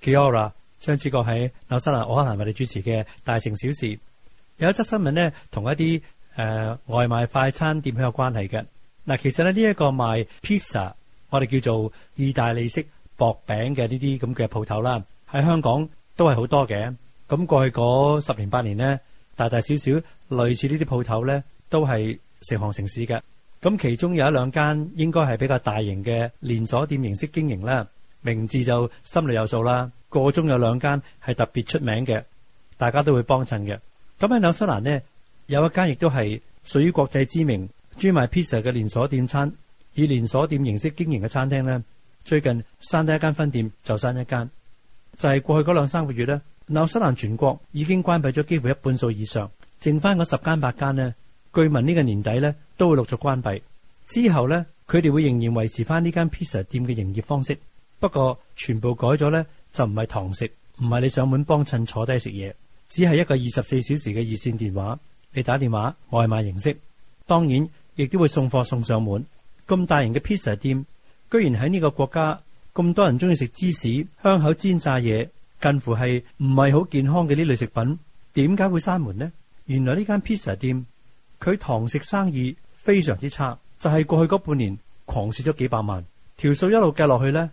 Kiyora 張志國喺紐西蘭奧克蘭為你主持嘅《大城小事》，有一則新聞呢，同一啲誒、呃、外賣快餐店係有關係嘅。嗱，其實咧呢一、這個賣 pizza，我哋叫做意大利式薄餅嘅呢啲咁嘅鋪頭啦，喺香港都係好多嘅。咁過去嗰十年八年呢，大大小小類似呢啲鋪頭呢，都係成行城市嘅。咁其中有一兩間應該係比較大型嘅連鎖店形式經營啦。名字就心裏有數啦。個中有兩間係特別出名嘅，大家都會幫襯嘅。咁喺紐西蘭呢，有一間亦都係屬於國際知名專賣 pizza 嘅連鎖店餐，以連鎖店形式經營嘅餐廳呢，最近刪咗一間分店就刪一間，就係、就是、過去嗰兩三個月呢，紐西蘭全國已經關閉咗，幾乎一半數以上，剩翻嗰十間八間呢。據聞呢個年底呢，都會陸續關閉之後呢，佢哋會仍然維持翻呢間 pizza 店嘅營業方式。不過全部改咗呢，就唔係堂食，唔係你上門幫襯坐低食嘢，只係一個二十四小時嘅熱線電話。你打電話外賣形式，當然亦都會送貨送上門。咁大型嘅披薩店，居然喺呢個國家咁多人中意食芝士香口煎炸嘢，近乎係唔係好健康嘅呢類食品，點解會閂門呢？原來呢間披薩店佢堂食生意非常之差，就係過去嗰半年狂蝕咗幾百萬，條數一路計落去呢，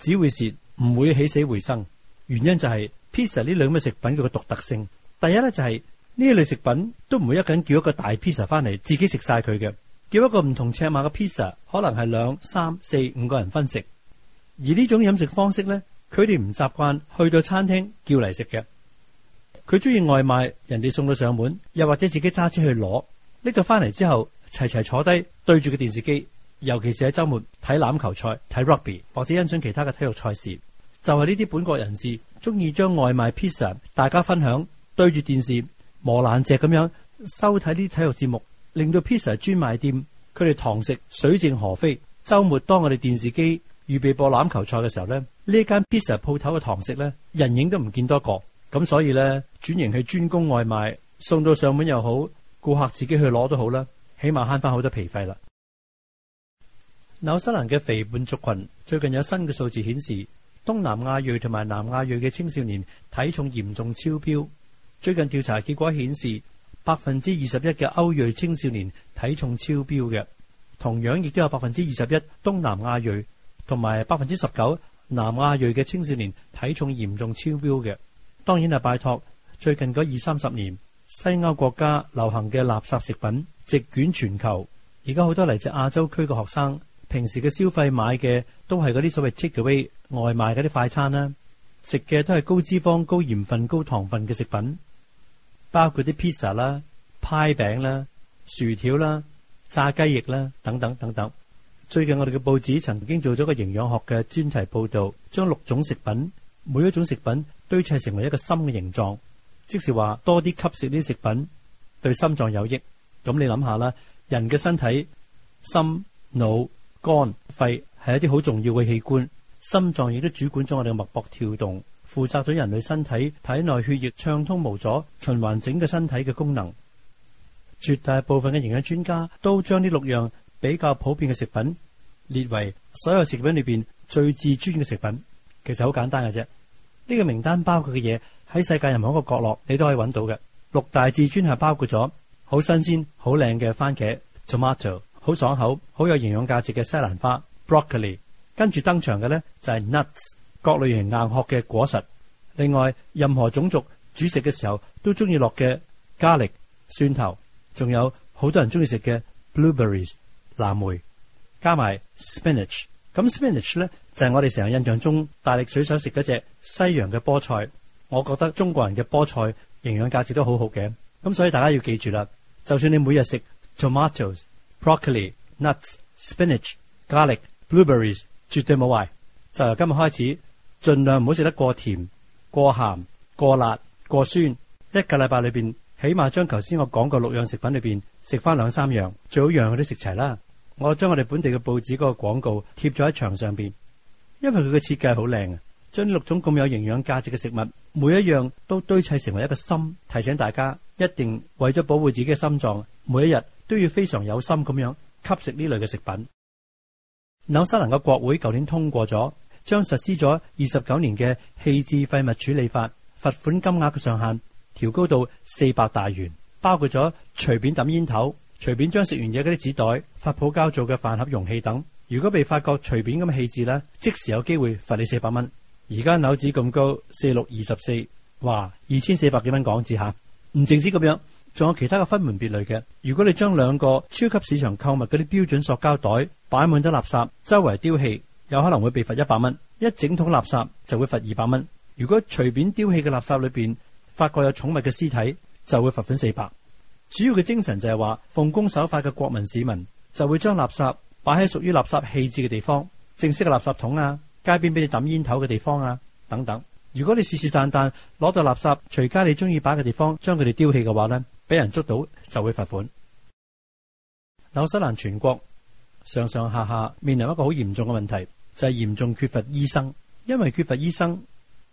只會蝕，唔會起死回生。原因就係 pizza 呢兩樣食品佢嘅獨特性。第一咧就係、是、呢一類食品都唔會一緊叫一個大 pizza 翻嚟，自己食晒佢嘅，叫一個唔同尺碼嘅 pizza，可能係兩三四五個人分食。而呢種飲食方式咧，佢哋唔習慣去到餐廳叫嚟食嘅。佢中意外賣，人哋送到上門，又或者自己揸車去攞，搦到翻嚟之後，齊齊坐低對住個電視機。尤其是喺周末睇欖球賽、睇 rugby 或者欣賞其他嘅體育賽事，就係呢啲本國人士中意將外賣 pizza 大家分享，對住電視磨爛蓆咁樣收睇啲體育節目，令到 pizza 專賣店佢哋堂食水靜河飛。周末當我哋電視機預備播欖球賽嘅時候咧，呢間 pizza 鋪頭嘅堂食呢，人影都唔見多一個，咁所以呢，轉型去專供外賣，送到上門又好，顧客自己去攞都好啦，起碼慳翻好多皮費啦。紐西蘭嘅肥胖族群最近有新嘅數字顯示，東南亞裔同埋南亞裔嘅青少年體重嚴重超標。最近調查結果顯示，百分之二十一嘅歐裔青少年體重超標嘅，同樣亦都有百分之二十一東南亞裔同埋百分之十九南亞裔嘅青少年體重嚴重超標嘅。當然係，拜託，最近嗰二三十年西歐國家流行嘅垃圾食品席捲全球，而家好多嚟自亞洲區嘅學生。平時嘅消費買嘅都係嗰啲所謂 takeaway 外賣嗰啲快餐啦，食嘅都係高脂肪、高鹽分、高糖分嘅食品，包括啲 pizza 啦、派餅啦、薯條啦、炸雞翼啦等等等等。最近我哋嘅報紙曾經做咗個營養學嘅專題報導，將六種食品每一種食品堆砌成為一個心嘅形狀，即是話多啲吸食呢啲食品對心臟有益。咁你諗下啦，人嘅身體心腦、腦肝、肺係一啲好重要嘅器官，心臟亦都主管咗我哋嘅脈搏跳動，負責咗人類身體體內血液暢通無阻、循環整個身體嘅功能。絕大部分嘅營養專家都將呢六樣比較普遍嘅食品列為所有食品裏邊最至尊嘅食品。其實好簡單嘅啫，呢個名單包括嘅嘢喺世界任何一個角落你都可以揾到嘅。六大至尊係包括咗好新鮮、好靚嘅番茄 （tomato）。好爽口，好有營養價值嘅西蘭花 （broccoli）。Bro ccoli，跟住登場嘅呢就係、是、nuts 各類型硬殼嘅果實。另外，任何種族煮食嘅時候都中意落嘅 garlic 蒜頭，仲有好多人中意食嘅 blueberries 藍莓，加埋 spinach。咁 spinach 呢就係、是、我哋成日印象中大力水手食嗰隻西洋嘅菠菜。我覺得中國人嘅菠菜營養價值都好好嘅。咁所以大家要記住啦，就算你每日食 tomatoes。broccoli、nuts、spinach、garlic、blueberries，絕對冇壞。就由今日開始，盡量唔好食得過甜、過鹹、過辣、過酸。一個禮拜裏邊，起碼將頭先我講過六樣食品裏邊，食翻兩三樣，最好樣佢都食齊啦。我將我哋本地嘅報紙嗰個廣告貼咗喺牆上邊，因為佢嘅設計好靚啊！將呢六種咁有營養價值嘅食物，每一樣都堆砌成為一個心，提醒大家一定為咗保護自己嘅心臟，每一日。都要非常有心咁樣吸食呢類嘅食品。紐西蘭嘅國會舊年通過咗，將實施咗二十九年嘅棄置廢物處理法，罰款金額嘅上限調高到四百大元，包括咗隨便抌煙頭、隨便將食完嘢嗰啲紙袋、發泡膠做嘅飯盒容器等。如果被發覺隨便咁棄置呢，即時有機會罰你四百蚊。而家紐紙咁高，四六二十四，哇，二千四百幾蚊港紙吓，唔淨止咁樣。仲有其他嘅分門別類嘅。如果你將兩個超級市場購物嗰啲標準塑膠袋擺滿咗垃圾，周圍丟棄，有可能會被罰一百蚊；一整桶垃圾就會罰二百蚊。如果隨便丟棄嘅垃圾裏邊發覺有寵物嘅屍體，就會罰款四百。主要嘅精神就係話，奉公守法嘅國民市民就會將垃圾擺喺屬於垃圾棄置嘅地方，正式嘅垃圾桶啊，街邊俾你抌煙頭嘅地方啊等等。如果你是是但但攞到垃圾，隨街你中意擺嘅地方將佢哋丟棄嘅話呢。俾人捉到就會罰款。紐西蘭全國上上下下面臨一個好嚴重嘅問題，就係嚴重缺乏醫生。因為缺乏醫生，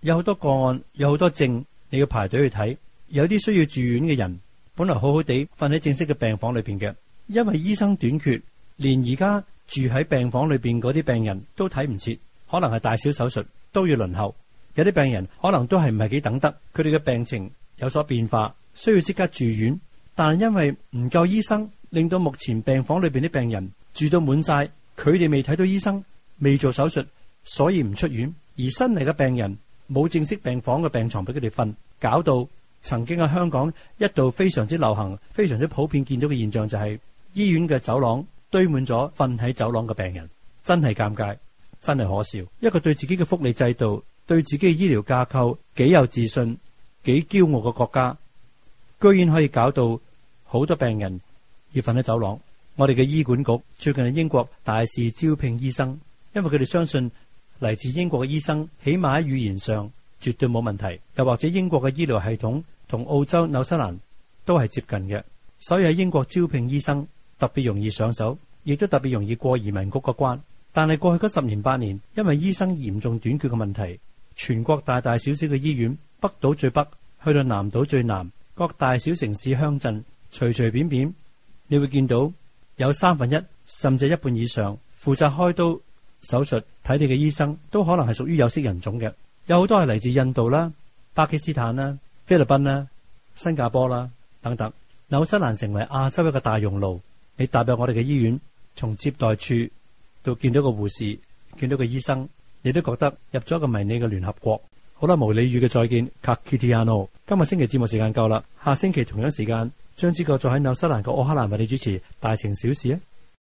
有好多個案，有好多症，你要排隊去睇。有啲需要住院嘅人，本來好好地瞓喺正式嘅病房裏邊嘅，因為醫生短缺，連而家住喺病房裏邊嗰啲病人都睇唔切，可能係大小手術都要輪候。有啲病人可能都係唔係幾等得，佢哋嘅病情有所變化。需要即刻住院，但因為唔夠醫生，令到目前病房裏邊啲病人住到滿晒，佢哋未睇到醫生，未做手術，所以唔出院。而新嚟嘅病人冇正式病房嘅病床俾佢哋瞓，搞到曾經喺香港一度非常之流行、非常之普遍見到嘅現象就係、是、醫院嘅走廊堆滿咗瞓喺走廊嘅病人，真係尷尬，真係可笑。一個對自己嘅福利制度、對自己嘅醫療架構幾有自信、幾驕傲嘅國家。居然可以搞到好多病人要瞓喺走廊。我哋嘅醫管局最近喺英國大肆招聘醫生，因為佢哋相信嚟自英國嘅醫生起碼喺語言上絕對冇問題，又或者英國嘅醫療系統同澳洲、紐西蘭都係接近嘅，所以喺英國招聘醫生特別容易上手，亦都特別容易過移民局個關。但係過去嗰十年八年，因為醫生嚴重短缺嘅問題，全國大大小小嘅醫院，北島最北去到南島最南。各大小城市、鄉鎮，隨隨便便，你會見到有三分一甚至一半以上負責開刀手術睇你嘅醫生，都可能係屬於有色人種嘅。有好多係嚟自印度啦、巴基斯坦啦、菲律賓啦、新加坡啦、等等。紐西蘭成為亞洲一個大熔爐。你踏入我哋嘅醫院，從接待處到見到個護士、見到個醫生，你都覺得入咗一個迷你嘅聯合國。好啦，無理語嘅再見，卡克蒂亞諾。今日星期節目時間夠啦，下星期同樣時間，張之玨再喺紐西蘭個奧克蘭為你主持大城小事啊！